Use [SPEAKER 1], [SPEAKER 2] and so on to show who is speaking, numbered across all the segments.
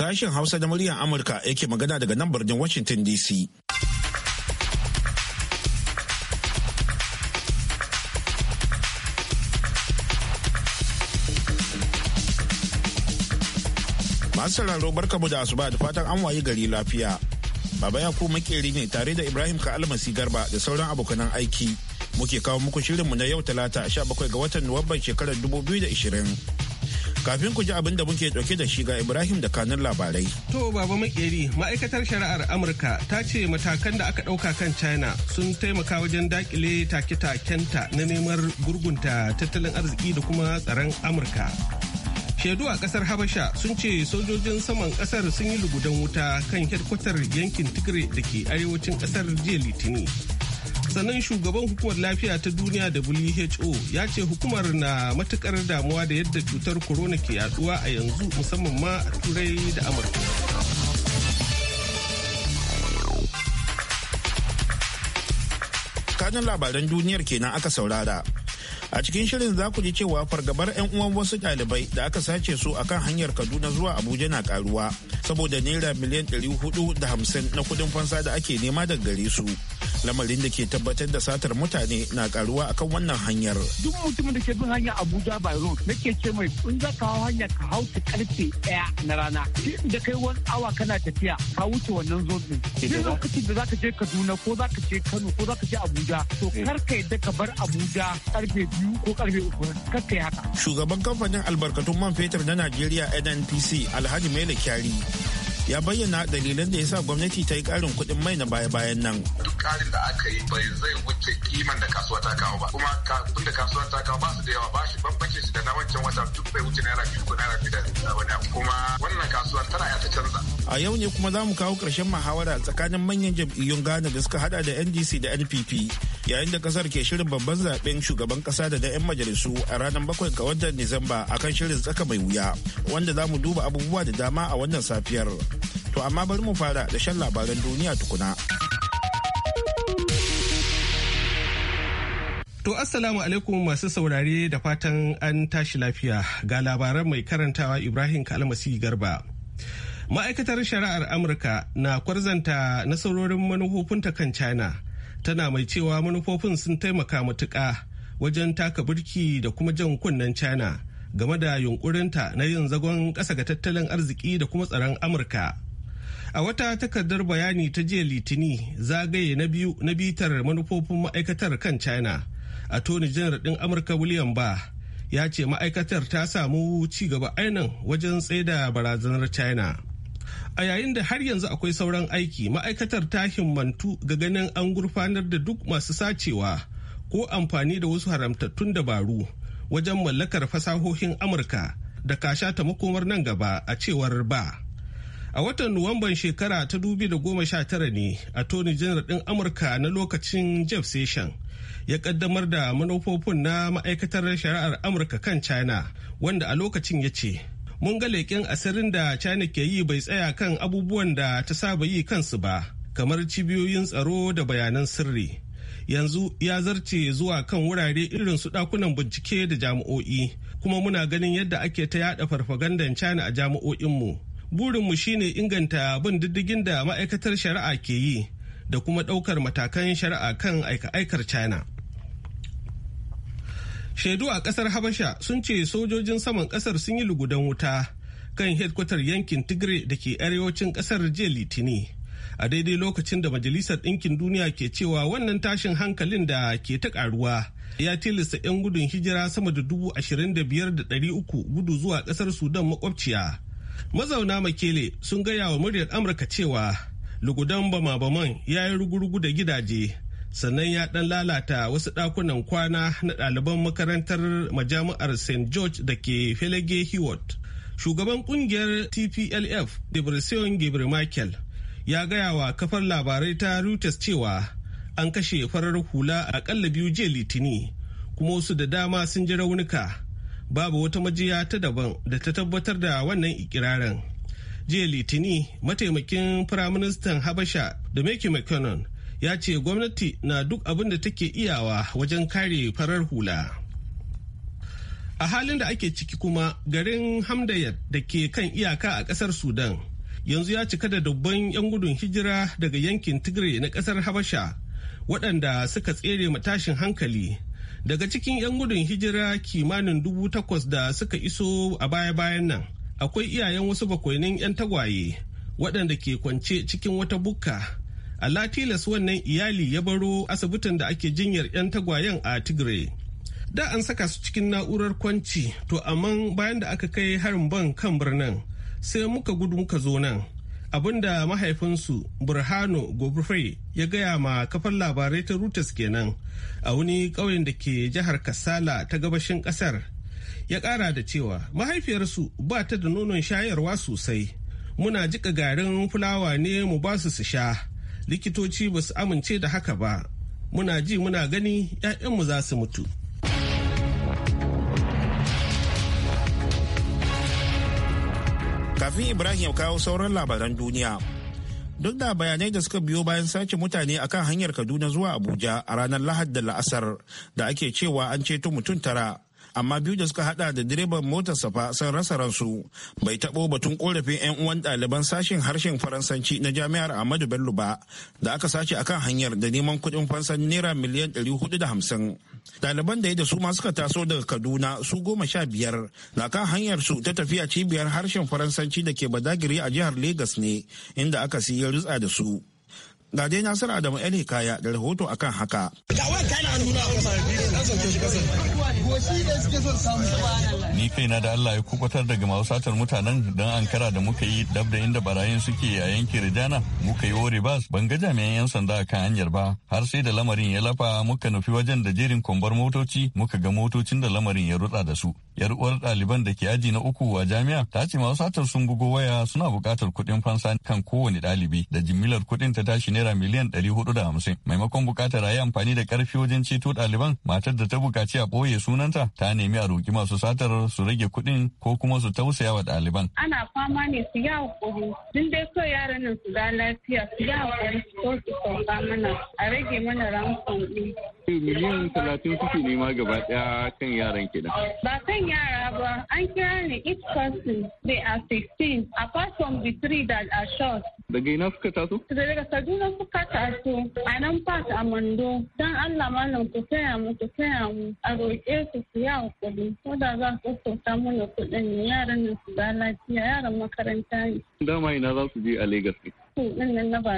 [SPEAKER 1] Sashen Hausa da muryar Amurka yake magana daga nan birnin Washington DC. Masu sauraro barkamu da asuba da fatan an wayi gari lafiya. Baba Yakubu makeri ne tare da Ibrahim ka garba da sauran abokanan aiki. Muke kawo muku shirinmu na yau talata 17 ga watan Nuwamban shekarar 2020. Kafin ku ji abin da muke dauke da shi ga Ibrahim da kanun labarai.
[SPEAKER 2] To baba makeri ma'aikatar shari'ar Amurka ta ce matakan da aka dauka kan China sun taimaka wajen dakile take-takenta na neman gurgunta tattalin arziki da kuma tsaron Amurka. Shaidu a kasar Habasha sun ce sojojin saman kasar sun yi lugudan wuta kan hedkwatar yankin Tigray da ke arewacin kasar jiya Litini. sannan shugaban hukumar lafiya ta duniya who ya ce hukumar na matukar damuwa da yadda cutar corona ke yaduwa a
[SPEAKER 1] yanzu musamman ma a turai da amurka kanin labaran duniyar kenan aka saurara a cikin shirin za ku ji cewa fargabar 'yan uwan wasu ɗalibai da aka sace su a kan hanyar kaduna zuwa abuja na karuwa saboda naira miliyan 450 na kudin fansa da ake nema daga gare su lamarin da ke tabbatar da satar mutane na karuwa akan wannan hanyar
[SPEAKER 3] duk mutumin da ke bin hanya abuja by road nake ce mai in za ka hau hanya ka hau ta karfe ɗaya na rana da kai wani awa kana tafiya ka wuce wannan zone din lokacin da za ka je kaduna ko za ka je kano ko za ka je abuja to eh. kar ka yadda ka bar abuja
[SPEAKER 1] karfe biyu ko karfe uku kar ka yi haka shugaban kamfanin albarkatun man fetur na najeriya nnpc alhaji mele kyari ya bayyana dalilan da ya sa gwamnati ta yi karin kuɗin mai na baya-bayan nan.
[SPEAKER 4] Duk karin da aka yi bai zai wuce kiman da kasuwa ta kawo ba. Kuma kafin da kasuwa ta kawo ba su da yawa ba shi bambance shi da na wancan wata duk bai wuce naira biyu ko naira biyu da wani abu. Kuma wannan kasuwar tana ya ta canza.
[SPEAKER 1] A yau ne kuma za mu kawo ƙarshen muhawara tsakanin manyan jam'iyyun Ghana da suka hada da NDC da NPP. yayin da kasar ke shirin babban zaben shugaban kasa da na 'yan majalisu a ranar bakwai ga watan Disamba akan shirin tsaka mai wuya wanda za mu duba abubuwa da dama a wannan safiyar. To amma bari mu fara da shan labaran duniya tukuna. To
[SPEAKER 2] assalamu alaikum masu saurare da fatan an tashi lafiya ga labaran mai karantawa Ibrahim Kalmasi Garba. Ma'aikatar shari'ar Amurka na kwarzanta nasarorin manufofinta kan China. tana mai cewa manufofin sun taimaka matuka wajen taka birki da kuma jan kunnen china game da yunkurinta na yin zagon ƙasa ga tattalin arziki da kuma tsaron amurka a wata takardar bayani ta jiya litini zagaye na biyu na bitar manufofin ma'aikatar kan china a tony janar ɗin amurka william ba ya ce ma'aikatar ta samu ci gaba ainin wajen tsaida barazanar china a yayin da har yanzu akwai sauran aiki ma'aikatar ta himmantu ga ganin an gurfanar da duk masu sacewa ko amfani da wasu haramtattun dabaru wajen mallakar fasahohin amurka da kasha ta makomar nan gaba a cewar ba a watan nuwamban shekara ta tara ne a tony general din amurka na lokacin jeff session ya kaddamar da manufofin na ma'aikatar shari'ar amurka kan china wanda a lokacin ya ce mun ga leƙen asirin da china ke yi bai tsaya kan abubuwan da ta saba yi kansu ba kamar cibiyoyin tsaro da bayanan sirri yanzu ya zarce zuwa kan wurare irin su dakunan bincike da jami'o'i kuma muna ganin yadda ake ta yada farfagandan china a jami'o'inmu burinmu shine inganta bin diddigin da ma'aikatar shari'a ke yi da kuma ɗaukar matakan shari'a kan aika-aikar china shaidu a kasar habasha sun ce sojojin saman kasar sun yi lugudan wuta kan hedkwatar yankin tigre da ke arewacin kasar jiya litini a daidai lokacin da majalisar ɗinkin duniya ke cewa wannan tashin hankalin da ke ta karuwa ya tilasta 'yan gudun hijira sama da dubu ashirin da biyar da ɗari uku gudu zuwa kasar sudan makwabciya mazauna makele sun gaya wa muryar amurka cewa lugudan bama-baman ya yi rugurugu da gidaje sannan ya dan lalata wasu dakunan kwana na ɗaliban makarantar majami'ar st george da ke felage hewitt shugaban kungiyar tplf debrecen gabriel michael ya gaya wa kafar labarai ta reuters cewa an kashe farar hula a akalla biyu jiya litini kuma wasu da dama sun ji raunuka babu wata majiya ta daban da ta tabbatar da wannan ikirarin jiya litini mataimakin firaministan habasha da Mekin mcconnell ya ce gwamnati na duk abin da take iyawa wajen kare farar hula. A halin da ake ciki kuma garin Hamdayat da ke kan iyaka a ƙasar Sudan yanzu ya cika da dubban 'yan gudun hijira daga yankin Tigray na ƙasar Habasha waɗanda suka tsere matashin hankali. Daga cikin 'yan gudun hijira kimanin dubu takwas da suka iso a baya-bayan nan akwai iyayen wasu bakwainin 'yan tagwaye waɗanda ke kwance cikin wata bukka. Allah tilas wannan iyali ya baro asibitin da ake jinyar 'yan tagwayen a Tigray. Da an saka su cikin na'urar kwanci, to amma bayan da aka kai harin ban kan birnin sai muka gudu muka zo nan. Abinda mahaifinsu Burhano Gobrufai ya gaya ma kafar labarai ta rutas kenan a wani ƙauyen da ke jihar Kasala ta gabashin ƙasar. Ya ƙara da cewa mahaifiyarsu ba ta da nonon shayarwa sosai. Muna jika garin fulawa ne mu basu su sha. likitoci ba su amince da haka ba muna ji muna gani 'ya'yanmu za su mutu
[SPEAKER 1] kafin ibrahim ya kawo sauran labaran duniya duk da bayanai da suka biyo bayan sace mutane akan hanyar kaduna zuwa abuja a ranar lahad da la'asar da ake cewa an ceto mutum tara amma biyu da suka hada da direban motar safa sun rasa ransu bai tabo batun korafin 'yan uwan ɗaliban sashen harshen faransanci na jami'ar ahmadu bello ba da aka sace akan hanyar da neman kuɗin fansan naira miliyan 450 ɗaliban da ya da su ma suka taso daga kaduna su goma sha biyar na kan hanyar su ta tafiya cibiyar harshen faransanci da ke badagiri a jihar Legas ne inda aka siya rutsa da su Ga dai nasara Adamu yan kaya da rahoto akan haka.
[SPEAKER 5] Ni kai na da Allah ya kubatar daga masu satar mutanen don ankara da muka yi dab da inda barayin suke a yankin Rijana muka yi wore bas ban ga jami'an 'yan sanda a kan hanyar ba har sai da lamarin ya lafa muka nufi wajen da jerin kwambar motoci muka ga motocin da lamarin ya rutsa da su. Yar uwar ɗaliban da ke aji na uku a jami'a ta ce masu satar sun bugo waya suna buƙatar kuɗin fansa kan kowane ɗalibi da jimilar kuɗin ta tashi ne naira miliyan 450 maimakon bukatar a yi amfani da karfi wajen ceto ɗaliban matar da ta bukaci a ɓoye sunanta ta nemi a roƙi masu satar su rage kuɗin ko kuma su tausaya wa ɗaliban.
[SPEAKER 6] ana fama ne su yi hakuri tun dai so yaran nan su ga lafiya su yi hakuri ko su sauka mana a rage mana ran ɗin
[SPEAKER 5] miliyan talatin suke nema gaba daya kan yaran kenan.
[SPEAKER 6] Ba kan yara ba, an kira ni each person they are 16 apart from the three that are short.
[SPEAKER 5] Daga ina suka taso?
[SPEAKER 6] Daga Kaduna suka taso a nan part a Mando. Dan Allah malam ku taya mu ku taya mu a roƙe su su yi hakuri. Ko da za su sauta mana kuɗin yaran nan su lafiya yaran makaranta ne.
[SPEAKER 5] Dama ina za su je a Legas ne.
[SPEAKER 6] school din nan na ba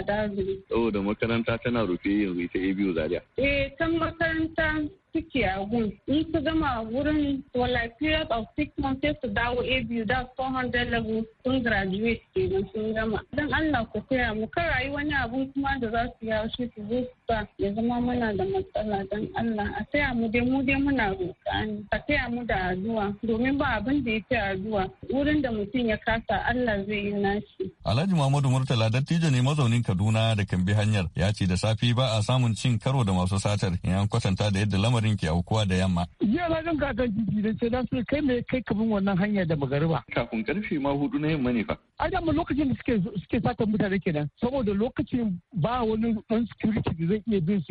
[SPEAKER 5] Oh da makaranta tana rufe yanzu ita ABU Zaria.
[SPEAKER 6] Eh can makaranta suke a gun in su gama wurin for like period of six months sai su dawo a biyu da 400 level sun graduate ke nan sun gama don allah ku koya mu kar rayu wani abun kuma da za su yawo shi su zo ba ya zama muna da matsala don allah a taya mu dai mu dai muna roƙa ne a taya mu da addu'a domin ba abin da ya fi addu'a wurin da mutum ya kasa allah zai yi nashi.
[SPEAKER 5] alhaji muhammadu murtala dattijo ne mazaunin kaduna da kan bi hanyar ya ce da safi ba a samun cin karo da masu satar in an kwatanta da yadda lamarin lamarin ke aukuwa da yamma.
[SPEAKER 3] Jiya na gan kakan titi da ce su kai me kai kafin wannan hanya da magariba.
[SPEAKER 5] Kafin karfe ma hudu na yamma ne fa.
[SPEAKER 3] A da lokacin da suke suke satan mutane kenan saboda lokacin ba wani dan security da zai iya bin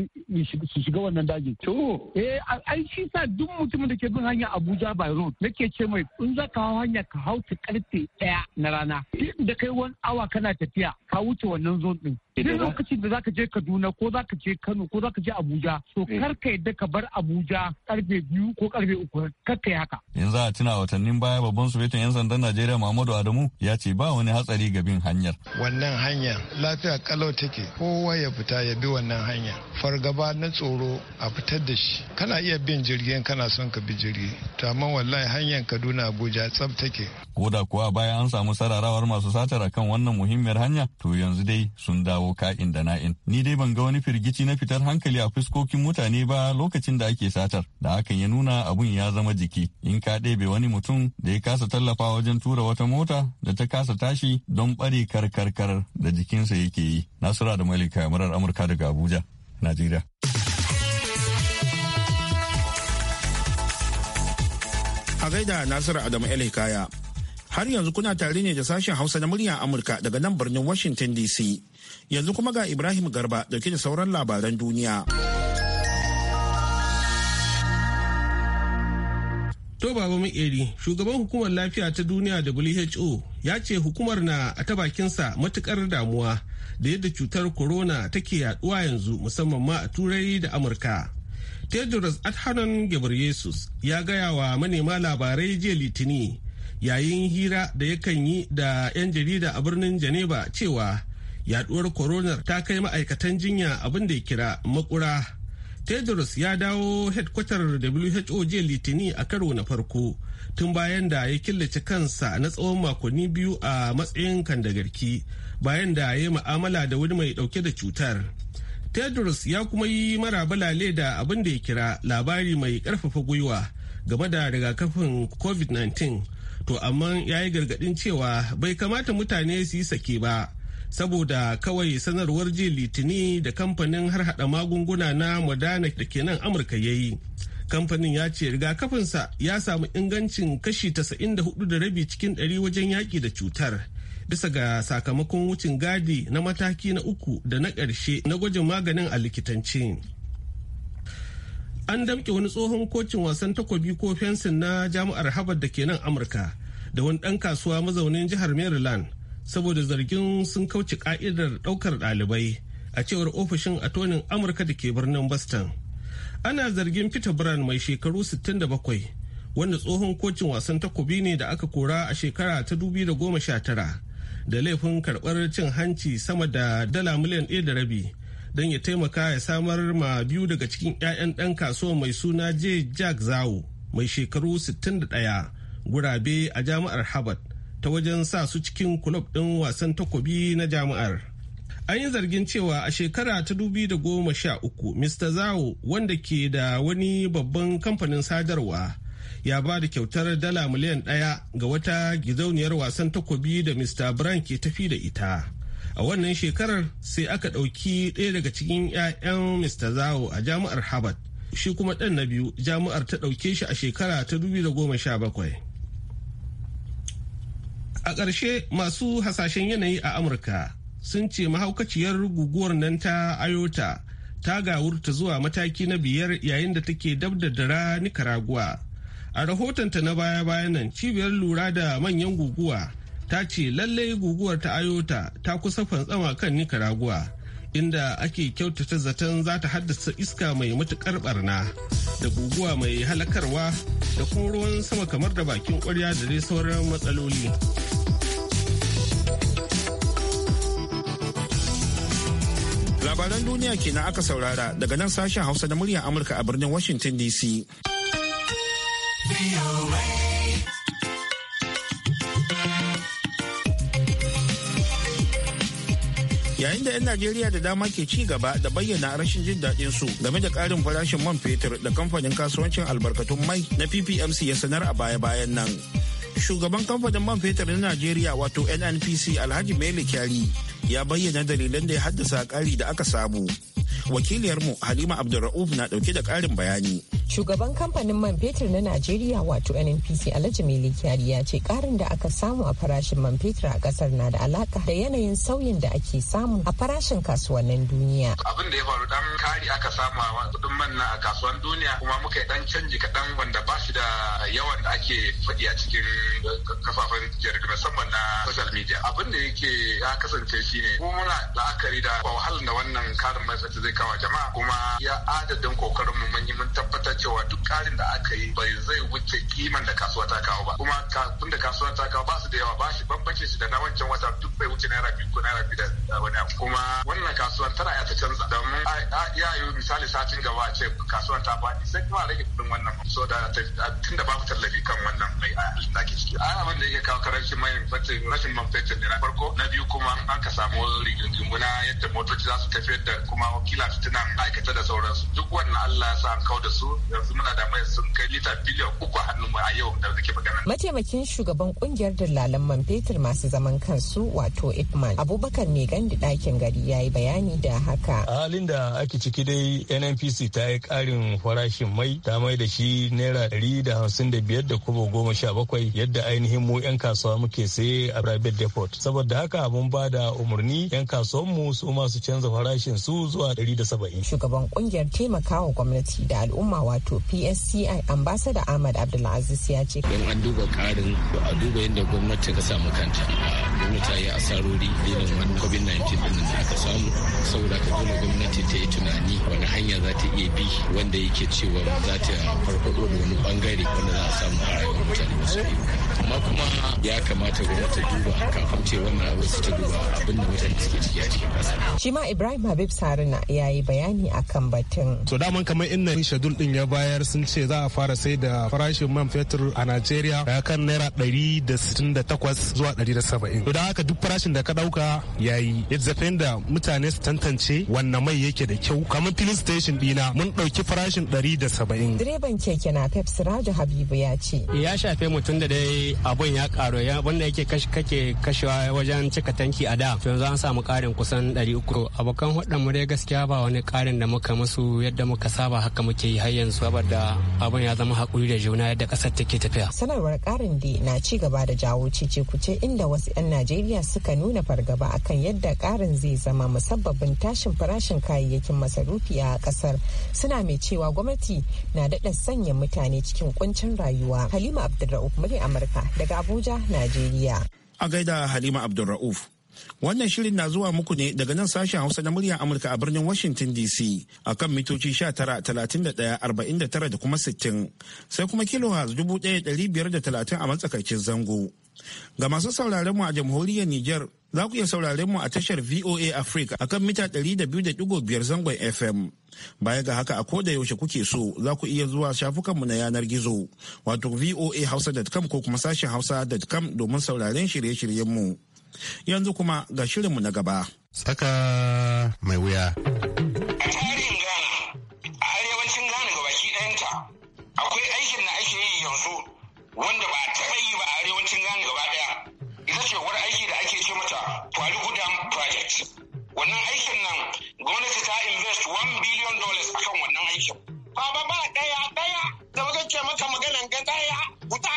[SPEAKER 3] su su shiga wannan daji. To. Eh ai shi sa duk mutumin da ke bin hanya Abuja by road nake ce mai in za ka hau hanya ka hau ta karfe ɗaya na rana. Da kai wani awa kana tafiya ka wuce wannan zone din. Duk lokacin da za ka je Kaduna ko za ka je Kano ko za ka je Abuja to eh. kar ka yadda ka bar Abuja karfe biyu ko karfe uku kakkai haka.
[SPEAKER 5] Yanzu a tuna watannin baya babban sufetin 'yan sandan Najeriya Muhammadu Adamu ya ce ba wani hatsari ga bin hanyar.
[SPEAKER 1] Wannan hanya lafiya kalau take kowa ya fita ya bi wannan hanya. Fargaba na tsoro a fitar da shi. Kana iya bin jirgin kana son ka bi jirgi. To amma wallahi hanyar Kaduna Abuja tsaf take.
[SPEAKER 5] Ko da kuwa baya an samu sararawar masu satar kan wannan muhimmiyar hanya to yanzu dai sun dawo ka'in da na'in. Ni dai ban ga wani firgici na fitar hankali a fuskokin mutane ba lokacin da ake satar da hakan ya nuna abun ya zama jiki in ka ɗebe wani mutum da ya kasa tallafa wajen tura wata mota da ta kasa tashi don ɓare karkarkar da jikinsa yake yi nasura da malika murar amurka daga abuja najeriya
[SPEAKER 1] a gaida nasiru adamu kaya har yanzu kuna tare ne da sashen hausa na murya amurka daga nan birnin washington dc yanzu kuma ga ibrahim garba dauke da sauran labaran duniya.
[SPEAKER 2] To Baba Makeri, shugaban hukumar lafiya ta duniya WHO ya ce hukumar na a ta bakinsa matukar damuwa da yadda cutar corona take yaduwa yanzu musamman ma a turai da Amurka. Tedros Adhanom Ghebreyesus ya gaya wa manema labarai jiya Litini yayin hira da yakan yi da 'yan jarida a birnin Geneva cewa yaduwar coronar ta kai ma'aikatan jinya abin da ya kira makura tedros ya dawo hedkwatar who jiya litini a karo na farko tun bayan da ya killace kansa na tsawon makonni biyu a matsayin kandagarki bayan da ya yi ma'amala da wani mai dauke da cutar tedros ya kuma yi marabalale da abin da ya kira labari mai karfafa gwiwa game da rigakafin covid-19 to amma ya yi gargadin cewa bai kamata mutane su yi sake ba saboda kawai sanarwar ji litini da kamfanin har hada magunguna na modana da ke nan amurka ya yi kamfanin ya ce rigakafinsa ya samu ingancin kashi 94.5 cikin 100 wajen yaki da cutar bisa ga sakamakon wucin gadi na mataki na uku da na ƙarshe na gwajin maganin a likitance an damƙe wani tsohon kocin wasan takobi ko fensin na jami'ar harvard da ke nan amurka da wani ɗan kasuwa mazaunin jihar maryland saboda zargin sun kauce ka'idar ɗaukar ɗalibai a cewar ofishin atonin amurka da ke birnin boston ana zargin peter brand mai shekaru 67 wanda tsohon kocin wasan takobi ne da aka kora a shekara ta 2019 da laifin karɓar cin hanci sama da dala miliyan ɗaya da rabi don ya taimaka ya samar ma biyu daga cikin 'ya'yan ɗan kasuwa mai suna j jack zawo mai shekaru 61 gurabe a jami'ar harvard ta wajen sa su cikin kulob ɗin wasan takobi na jami'ar. An yi zargin cewa a shekara ta dubi da goma sha uku, Mr. Zawo wanda ke da wani babban kamfanin sadarwa ya ba da kyautar dala miliyan ɗaya ga wata gizauniyar wasan takobi da Mr. Brown ke tafi da ita. A wannan shekarar sai aka ɗauki ɗaya daga cikin 'ya'yan Mr. Zawo a jami'ar Harvard. Shi kuma ɗan na biyu jami'ar ta ɗauke shi a shekara ta dubi da goma sha bakwai. A ƙarshe masu hasashen yanayi a Amurka sun ce mahaukaciyar guguwar nan ta Ayota ta gawurta zuwa mataki na biyar yayin da take dab da dara Nicaragua. A rahotonta na baya-bayan nan cibiyar lura da manyan guguwa ta ce lallai guguwar ta Ayota ta kusa fantsama kan Nicaragua. inda ake kyautata zaton za ta haddasa iska mai matukar barna da guguwa mai halakarwa da kuma ruwan sama kamar da bakin ƙwarya da dai sauran matsaloli.
[SPEAKER 1] labaran duniya kenan aka saurara daga nan sashen hausa da muryar amurka a birnin washington dc yayin da 'yan najeriya da dama ke ci gaba da bayyana rashin jin daɗin su game da ƙarin farashin man fetur da kamfanin kasuwancin albarkatun mai na ppmc ya sanar a baya-bayan nan shugaban kamfanin man fetur na najeriya wato nnpc alhaji mele kyari ya bayyana dalilan da ya haddasa ƙari da aka samu wakiliyarmu halima abdulra'uf na dauke da ƙarin bayani
[SPEAKER 7] shugaban kamfanin man fetur na najeriya wato nnpc alhaji mai likiyari ya ce karin da aka samu a farashin man fetur a kasar na da alaka da yanayin sauyin da ake samu a farashin kasuwannin duniya
[SPEAKER 4] abin da ya faru dan kari aka samu a kudin man na kasuwan duniya kuma muka yi dan canji kaɗan wanda ba shi da yawan da ake faɗi a cikin kafafen jirgin musamman na social media abin da yake ya kasance shine kuma muna la'akari da wahalar da wannan karin mai zai kawo jama'a kuma ya adadin kokarin mu mun yi mun tabbatar karin da aka yi bai zai wuce kiman da kasuwa ta kawo ba kuma kafin da kasuwa ta kawo ba su da yawa ba shi bambance shi da na wancan wata duk bai wuce naira biyu ko naira biyu da wani abu kuma wannan kasuwar tana ya ta canza domin ya yi misali satin gaba ce kasuwar ta faɗi sai kuma rage kuɗin wannan so da tun da babu tallafi kan wannan mai a ke ciki a abin da yake kawo karancin mai rashin man fetur ne na farko na biyu kuma an ka samu rigingimu na yadda motoci za su tafiyar da kuma wakila fitinan aikata da sauransu duk wannan Allah ya sa an kawo da su yanzu muna da malamai sun kai lita biliyan uku a
[SPEAKER 7] hannun a yau da suke magana. Mataimakin shugaban kungiyar dillalan man fetur masu zaman kansu wato Ipman Abubakar mai gandi ɗakin gari ya yi bayani da haka.
[SPEAKER 5] A halin da ake ciki dai NNPC ta yi ƙarin farashin mai ta mai da shi naira ɗari da hamsin da biyar da kuma goma sha bakwai yadda ainihin mu 'yan kasuwa muke saye
[SPEAKER 2] a private depot. Saboda haka mun ba da umarni 'yan kasuwanmu su ma canza farashin su
[SPEAKER 7] zuwa ɗari da saba'in. Shugaban kungiyar taimakawa gwamnati da al'umma wato PN nsci ambassador ahmad abdulaziz ya ce
[SPEAKER 4] in an duba karin a duba yadda gwamnati ta samu kanta
[SPEAKER 8] gwamnati ya asarori irin wannan covid-19 din da aka samu saboda ka dole gwamnati ta yi tunani wani hanya za ta iya bi wanda yake cewa za ta farfado da wani bangare wanda za a samu a rayuwar mutane masu yi amma kuma ya kamata gwamnati duba kafin ce wannan abu su ta duba abin da mutane suke ciki a cikin kasa.
[SPEAKER 7] shi ma ibrahim habib saruna ya yi bayani akan batun.
[SPEAKER 2] so daman kamar inna shadul din ya bayar sun ce za a fara sai da farashin man fetur a najeriya ya kan naira ɗari da sittin da takwas zuwa ɗari da saba'in to da haka duk farashin da ka dauka yayi yadda da mutane su tantance wanne mai yake da kyau kamar filin station dina mun dauki farashin 170
[SPEAKER 7] direban keke na pep siraju habibu ya ce
[SPEAKER 2] ya shafe mutum da dai abun ya karo ya wanda yake kake kashewa wajen cika tanki a da to yanzu an samu karin kusan 300 abokan hudan mu dai gaskiya ba wani karin da muka musu yadda muka saba haka muke yi har yanzu saboda abun ya zama hakuri da juna yadda kasar take tafiya
[SPEAKER 7] sanarwar karin da na ci gaba da jawo cece kuce inda wasu 'yan Najeriya suka nuna fargaba akan yadda karin zai zama musabbabin tashin farashin kayayyakin masarufi a kasar suna mai cewa gwamnati na daɗa sanya mutane cikin kuncin rayuwa. Halima Abdulra'uf murya Amurka daga Abuja, Najeriya. A
[SPEAKER 1] gaida Halima Abdulra'uf. Wannan shirin na zuwa muku ne daga nan sashen Hausa na muryar Amurka a birnin Washington DC a kan mitoci 19,31,49 da kuma 60 sai kuma da 1,530 a matsakaicin zango. Ga masu sauraron mu a jamhuriyar Nijar za ku iya sauraren mu a tashar VOA Africa a kan mita 200.5 zangon FM. Baya ga haka a koda yaushe kuke so za ku iya zuwa shafukanmu na yanar gizo wato voahausa.com ko kuma sashen hausa.com domin sauraren shirye-shiryenmu. Yanzu kuma ga shirinmu na gaba.
[SPEAKER 3] Tsaka mai wuya.
[SPEAKER 8] akwai aikin na ake yi yanzu wanda ba taɓa yi gaba daya ita ce wani aiki da ake ce mata kwali gudan Project. Wannan aikin nan gwamnati ta invest 1 billion dollars akan wannan aikin. Baba ba daya daya da muka ce maka maganan ga daya guda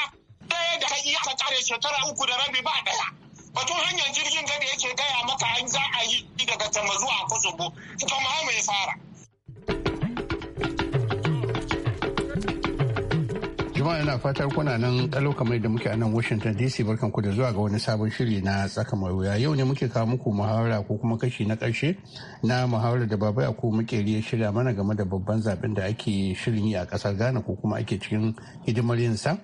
[SPEAKER 8] daya da ka iya ka kare shekara uku da rabi ba daya. Batun hanyar jirgin gada yake gaya maka an za a yi daga Tamba zuwa Kosovo, ita ma
[SPEAKER 3] mai fara. jama'a yana fatar kuna nan kalau kamar da muke a nan washington dc barkan ku da zuwa ga wani sabon shiri na tsaka mai wuya yau ne muke kawo muku muhawara ko kuma kashi na karshe na muhawarar da babai ko muke riya shirya mana game da babban zaben da ake shirin yi a kasar ghana ko kuma ake cikin hidimar yinsa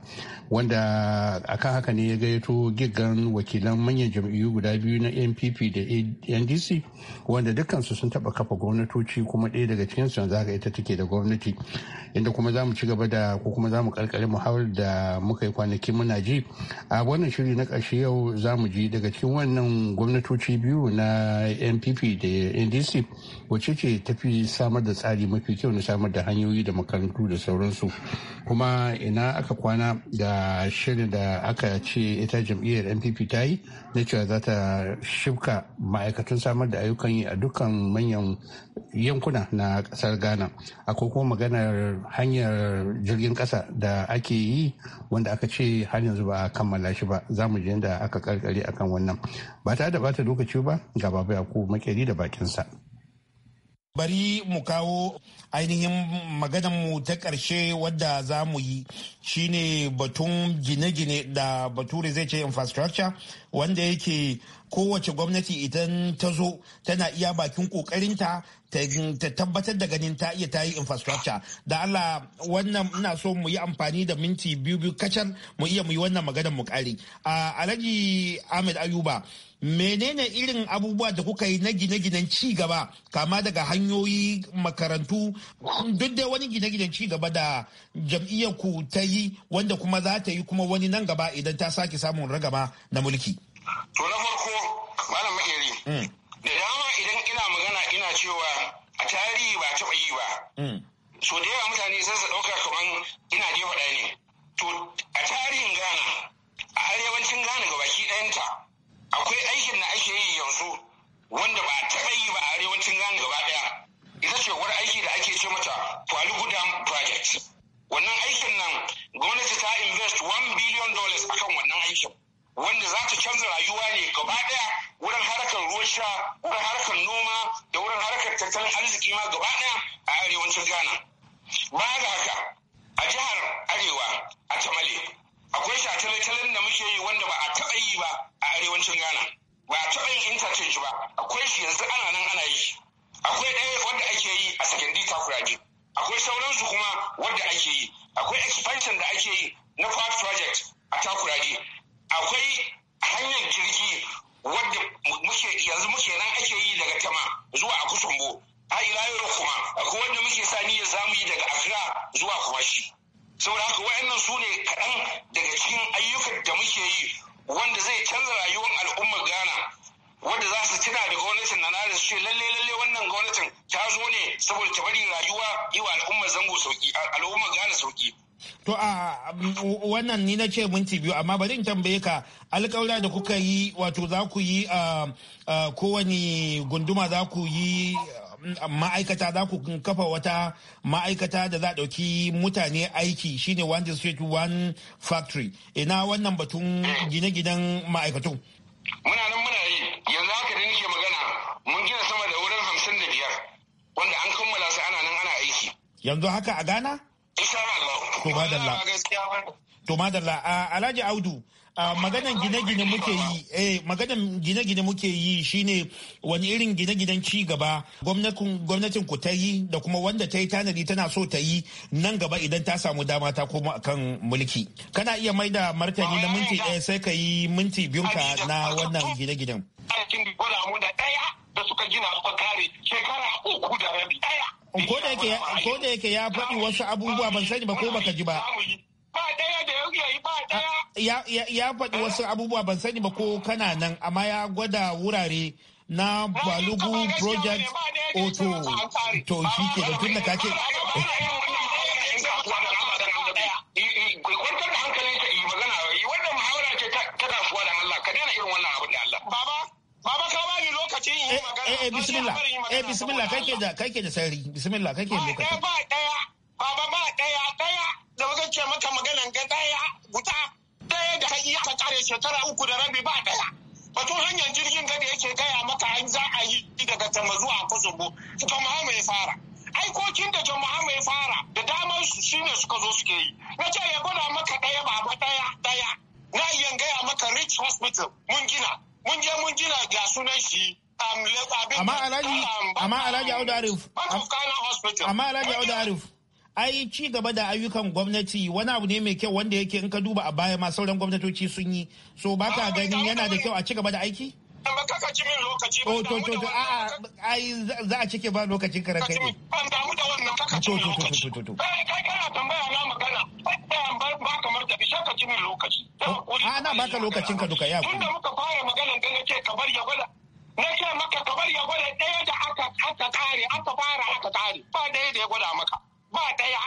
[SPEAKER 3] wanda akan haka ne ya gayyato giggan wakilan manyan jam'iyyu guda biyu na npp da ndc wanda dukkansu sun taba kafa gwamnatoci kuma ɗaya daga cikinsu yanzu haka ita take da gwamnati inda kuma za mu ci gaba da ko kuma za mu ƙarƙare muhawar da muka yi kwanaki muna ji a wannan shiri na ƙarshe yau za mu ji daga cikin wannan gwamnatoci biyu na npp da ndc wacce ce tafi samar da tsari mafi kyau na samar da hanyoyi da makarantu da sauransu kuma ina aka kwana da shirin da aka ce ita jam'iyyar npp ta yi na cewa za ta shifka ma'aikatan samar da ayyukan yi a dukkan manyan yankuna na ƙasar ghana akwai kuma maganar hanyar jirgin ƙasa da ake yi wanda aka ce har yanzu ba a kammala shi ba za mu je da aka karkare akan wannan ba ta da bata lokaci ba ga babu yaku makeri da bakinsa
[SPEAKER 1] bari mu kawo ainihin mu ta ƙarshe wadda za mu yi shine batun gine-gine da bature zai ce infrastructure wanda yake kowace gwamnati idan ta zo tana iya bakin kokarinta ta tabbatar da ganin ta iya ta yi infrastructure da Allah wannan ina so mu yi amfani da minti biyu biyu kacal mu iya mu yi wannan maganar mu kare alhaji ahmed ayuba menene irin abubuwa da kuka yi na gine-ginen ci gaba kama daga hanyoyi makarantu duk da wani gine-ginen ci gaba da jam'iyyar ku ta yi wanda kuma za ta yi kuma wani nan gaba idan ta sake samun ragama na mulki to na farko malam makeri mm.
[SPEAKER 8] da dama idan ina magana ina cewa a tarihi ba taɓa yi ba mm. so da yawa mutane sun su ɗauka kaman ina je faɗa ne to a tarihin ghana a arewacin ghana ga baki ɗayanta akwai aikin da ake yi yanzu wanda ba taɓa yi ba a arewacin ghana gaba ɗaya ita ce wani aiki da ake ce mata Dam project wannan aikin nan gwamnati ta invest 1 billion dollars akan wannan aikin wanda za ta canza rayuwa ne gaba ɗaya wurin harkar ruwan sha wurin harkar noma da wurin harkar tattalin arziki ma gaba ɗaya a arewacin ghana baya ga haka a jihar arewa a tamale akwai shataletalen da muke yi wanda ba a taɓa yi ba a arewacin ghana ba a taɓa yin interchange ba akwai shi yanzu ana nan ana yi akwai ɗaya wanda ake yi a sakandi Kuraje. akwai sauransu kuma wanda ake yi akwai expansion da ake yi na part project a takuraje akwai hanyar jirgi wadda yanzu muke nan ake yi daga tama zuwa a kusumbo a ila kuma akwai wanda muke sa niyyar zamu yi daga Accra zuwa Kumashi saboda haka wayannan su ne kaɗan daga cikin ayyukan da muke yi wanda zai canza rayuwar al'ummar Ghana wanda za su tuna da gwamnatin na nare su ce lalle lalle wannan gwamnatin
[SPEAKER 1] ta zo ne saboda ta bari rayuwa yi wa al'ummar zango sauki al'ummar Ghana sauki To a wannan ni na ce minti biyu amma bari in tambaye ka alƙawura da kuka yi wato za ku yi kowane gunduma za ku yi ma'aikata za ku kafa wata ma'aikata da za a ɗauki mutane aiki shine one district one factory ina wannan batun gine-ginen ma'aikatu.
[SPEAKER 8] Muna nan muna yi yanzu haka da nake magana mun gina sama da wurin hamsin da biyar wanda an kammala su ana nan ana aiki.
[SPEAKER 1] Yanzu haka a Ghana? To madalla. Alhaji Audu, maganan gine-gine muke yi, eh, maganan gine-gine muke yi shine wani irin gine-ginen ci gaba gwamnatin ku ta yi da kuma wanda ta yi tanadi tana so ta yi nan gaba idan ta samu dama ta koma kan mulki. Kana iya mai da martani na minti ɗaya sai ka yi minti ka na wannan gine-ginen.
[SPEAKER 8] Aikin da ɗaya da suka gina suka kare shekara uku
[SPEAKER 1] da rabi ɗaya. ko da yake ya faɗi wasu abubuwa ban sani ba ko baka ji ba ba da yi ba ya faɗi wasu abubuwa ban sani ba ko kana nan amma ya gwada wurare na balugu project oto to shi ke da tun da kake ce in eh, eh, eh, magana. Eh, bismillah. Eh, bismillah, kake da, kake da Bismillah, kake da lokaci. Ba ɗaya, baba ba
[SPEAKER 8] ɗaya, ɗaya. Da muka ce maka maganan ga ɗaya, guta. Ɗaya da kai ka kare shekara uku da rabi ba ɗaya. Batun hanyar jirgin gada yake gaya maka an za a yi daga Tama zuwa Kosovo. Tama mai fara. aikokin da jama'a mai fara da damar su shine suka zo suke yi na ce ya gwada maka ɗaya baba ɗaya ɗaya na iya gaya maka rich hospital mun gina mun je mun gina ga sunan shi amma alhaji amma alhaji audu arif
[SPEAKER 1] amma alhaji audu arif ai ci gaba da ayyukan gwamnati wani abu ne mai kyau wanda yake in ka duba a baya ma sauran gwamnatoci sun yi so baka ganin yana da kyau a ci gaba da aiki oh, To to to to a ai za a cike ba lokacin ka rakai. Ban damu da wannan kaka ci lokaci. To eh, Kai kana tambaya na magana. Ba kamar tafi ka ci min lokaci. Oh, a na baka lokacin ka duka ya. Tunda muka fara magana dan nace ka bar ya gwada. na ce
[SPEAKER 8] maka ka bari ya gwada ɗaya da aka aka kare aka fara aka kare ba ɗaya da ya gwada maka ba ɗaya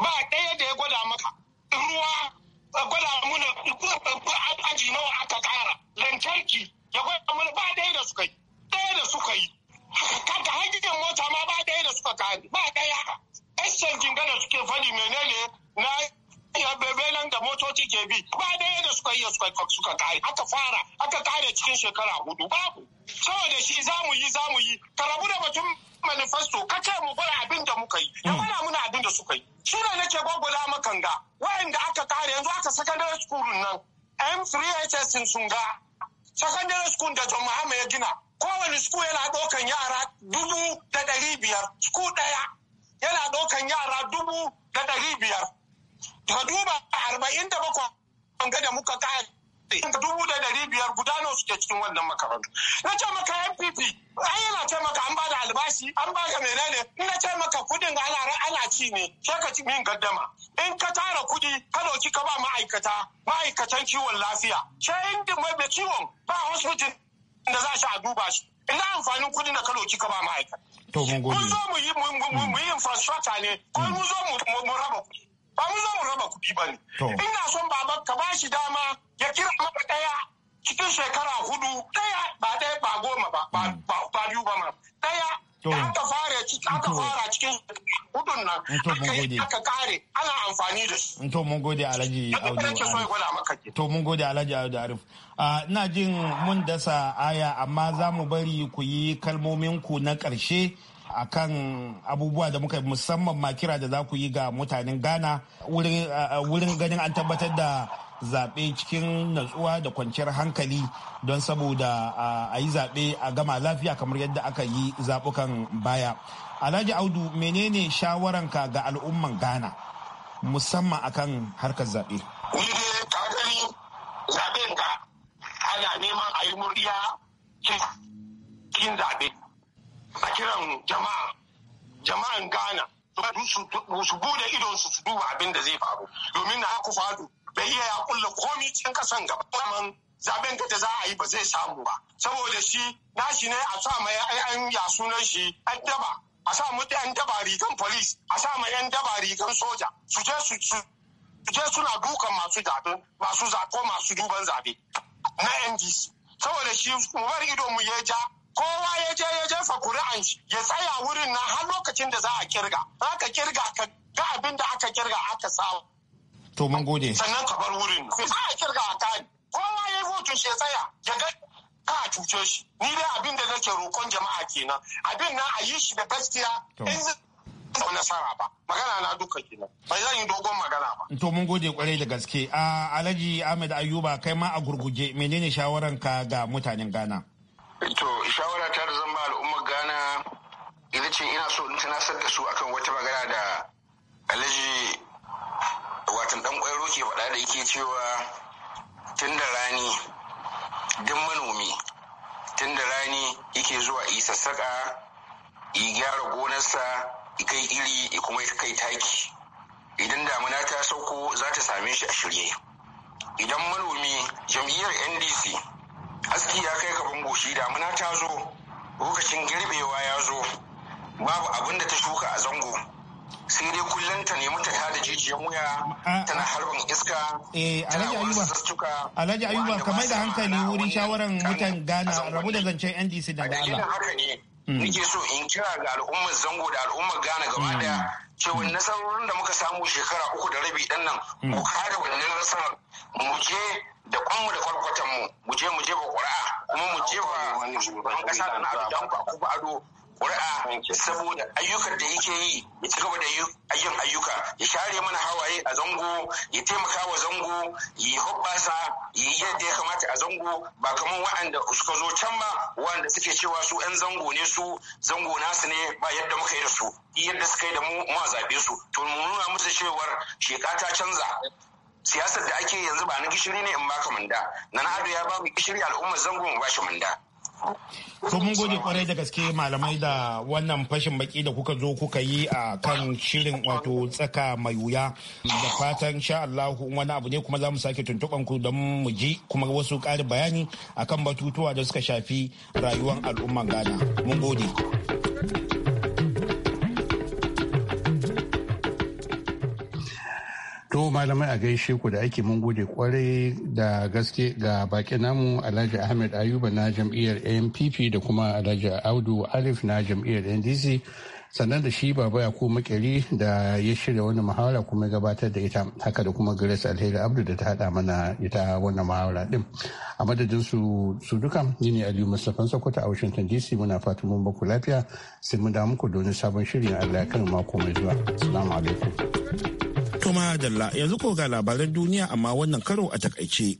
[SPEAKER 8] ba ɗaya da ya gwada maka ruwa gwada muna aji nawa aka kara lantarki ya gwada muna ba ɗaya da suka yi ɗaya da suka yi kanta hajjin mota ma ba ɗaya da suka kare ba ɗaya yan canjin gada suke fadi menene na saniyar bebe nan da motoci ke bi ba daya da suka iya suka kare aka fara aka kare cikin shekara hudu babu saboda shi za mu yi za mu yi ka rabu da batun manifesto ka ce mu bar abin da muka yi ya fara hmm. muna abin da suka yi shi ne nake gwagwada makanga wayanda aka kare yanzu aka secondary school nan m3hs sun ga sakandare school da john mahama ya gina kowane school yana ɗaukan yara dubu da ɗari biyar school ɗaya yana ɗaukan yara dubu da ɗari biyar ka duba arba'in da bakwai ga da muka kare dubu da dari biyar guda su ke cikin wannan makarantu na ce maka npp an yana ce maka an bada albashi an bada menene in na ce maka kudin ana ana ci ne ke ka ci min gaddama in ka tara kudi ka dauki ka ba ma'aikata ma'aikatan kiwon lafiya ce in mai ciwon ba hospital da za shi a duba shi ina amfanin kudin da ka dauki ka ba ma'aikata. mun zo mu yi infrastructure ne ko mun zo mu raba kudi ba mun zamu raba kuɗi ba ne ina son baba ka ba shi dama ya kira maka ɗaya cikin shekara hudu ɗaya ba ɗaya ba goma ba ba mm. biyu ba ma ɗaya aka fara cikin aka fara cikin hudun nan aka kare ana amfani da su
[SPEAKER 1] to mun gode alhaji audu to mun gode alhaji audu arif ah, ina jin mun dasa aya amma za mu bari ku yi kalmomin ku na karshe akan abubuwa da muka musamman ma kira da za ku yi ga mutanen ghana wurin ganin an tabbatar da zaɓe cikin natsuwa da kwanciyar hankali don saboda a yi zaɓe a gama lafiya kamar yadda aka yi zaɓukan baya alhaji audu menene shawaranka ga al'umman ghana musamman akan harkar zaɓe
[SPEAKER 8] zaɓen ka ana neman a yi murya cikin zaɓe a kiran jama'a jama'an Ghana su bude idon su duba abin da zai faru domin na haku fadu bai iya ya kulla komi cikin kasan gaba man zaben da za a yi ba zai samu ba saboda shi nashi ne a sa mai ayan ya sunan shi an daba a sa mutu yan daba rigan police a sa mai yan daba rigan soja su je su je suna duka masu zabe masu zako masu duban zabe na NDC saboda shi mu bar ido mu ya ja kowa ya je ya jefa kuri'an shi ya tsaya wurin na har lokacin da za a kirga ka kirga ka ga abin da aka kirga aka samu
[SPEAKER 1] to mun gode sannan ka bar
[SPEAKER 8] wurin za a kirga a kai kowa ya votu shi ya tsaya ya ga ka cuce shi ni dai abin da nake rokon jama'a kenan abin na a yi shi da gaskiya ba nasara ba magana na duka kenan ba zan yi dogon magana
[SPEAKER 1] ba to mun gode kwarai da gaske a ah, alhaji ahmed ayuba kai ma a gurguje menene ka ga mutanen ghana to shawara ta da zan al'umma al'ummar ghana ce ina so in tunasar da su akan wata magana
[SPEAKER 3] da alaji watan dan kwairo ke faɗa da yake cewa tun da rani duk
[SPEAKER 8] manomi tun da rani yake zuwa yi sassaƙa yi gyara gonarsa yi kai iri yi kuma ya kai taki idan damuna ta sauko za ta same shi a shirye idan manomi jam'iyyar ndc aski ya kai gaban goshi damuna ta zo lokacin girbewa ya zo babu abin da ta shuka a zango sai dai kullum ta nemi ta tada jijiyar wuya
[SPEAKER 1] ah. tana harbin iska eh, tana wasu sassuka alhaji ayuba kamar da hankali wurin shawaran mutan gana rabu da zancen yan da Allah
[SPEAKER 8] ne hmm. nake so in kira ga al'ummar zango da al'ummar gana gaba daya hmm. cewa hmm. nasarorin da muka samu shekara uku da rabi ɗan nan
[SPEAKER 6] hmm. mu kare wannan nasarar mu je da kwanmu da kwarkwatan mu mu je mu je ba ƙura'a
[SPEAKER 8] kuma mu je ba wani ƙasa da na abu ba ku ba ado ƙuri'a saboda ayyukan da yake yi ya ci gaba da yin ayyuka ya share mana hawaye a zango ya taimaka wa zango ya hoɓɓasa ya yi yadda ya kamata a zango ba kamar waanda suka zo can ba wa'anda suke cewa su 'yan zango ne su zango nasu ne ba yadda muka yi da su yadda suka yi da mu ma zaɓe su to mu nuna musu cewar sheka ta canza siyasar da ake yanzu ba na gishiri ne in baka manda na ado ya ba gishiri al'ummar zango mu ba shi manda
[SPEAKER 1] so mun gode kwarai da gaske malamai da wannan fashin baki da kuka zo kuka yi a kan shirin wato tsaka mai wuya da fatan sha Allah wani abu ne kuma za mu sake tuntuɓan ku don mu ji kuma wasu ƙarin bayani akan batutuwa da suka shafi rayuwar al'umman Ghana. Mun gode.
[SPEAKER 3] To malamai a gaishe ku da ake mun gode kwarai da gaske ga baki namu Alhaji Ahmed Ayuba na jam'iyyar NPP da kuma Alhaji Audu Alif na jam'iyyar NDC sannan da shi baba ko makeri da ya shirya wani muhawara kuma gabatar da ita haka da kuma grace alheri abdu da ta hada mana ita wannan muhawara din a madadin su duka ni ne aliyu mustapha sokoto a washington dc muna fatan mun baku lafiya sai mun da muku da wani sabon shirin allah ya kan mako mai zuwa assalamu alaikum
[SPEAKER 1] To madalla yanzu ko ga labaran duniya amma wannan karo a takaice.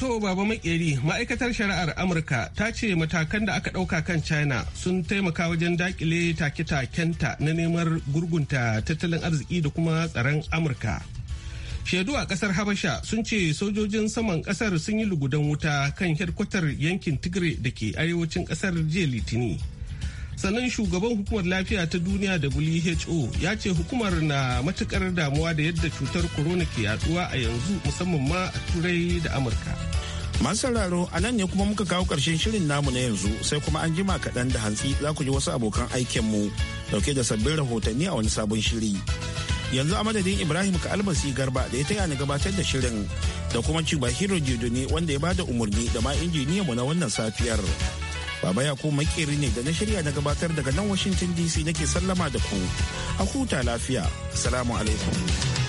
[SPEAKER 2] To baba makeri ma'aikatar shari'ar Amurka ta ce matakan da aka ɗauka kan China sun taimaka wajen dakile take-takenta na neman gurgunta tattalin arziki da kuma tsaron Amurka. Shaidu a kasar Habasha sun ce sojojin saman kasar sun yi lugudan wuta kan hedkwatar yankin Tigray da ke arewacin kasar jiya Litini. sannan shugaban hukumar lafiya ta duniya who ya ce hukumar na matukar damuwa da yadda cutar corona ke yaduwa a yanzu musamman ma a
[SPEAKER 1] turai da amurka masu sauraro a nan ne kuma muka kawo karshen shirin namu na yanzu sai kuma an jima kaɗan da hantsi za ku ji wasu abokan aikinmu dauke da sabbin rahotanni a wani sabon shiri yanzu a madadin ibrahim ka albasi garba da ya taya ni gabatar da shirin da kuma cibahiro ne wanda ya ba da umarni da ma injiniyanmu na wannan safiyar Baba ya Yakub makeri ne da na shirya na gabatar daga nan Washington DC nake sallama da ku. A huta lafiya. Assalamu alaikum.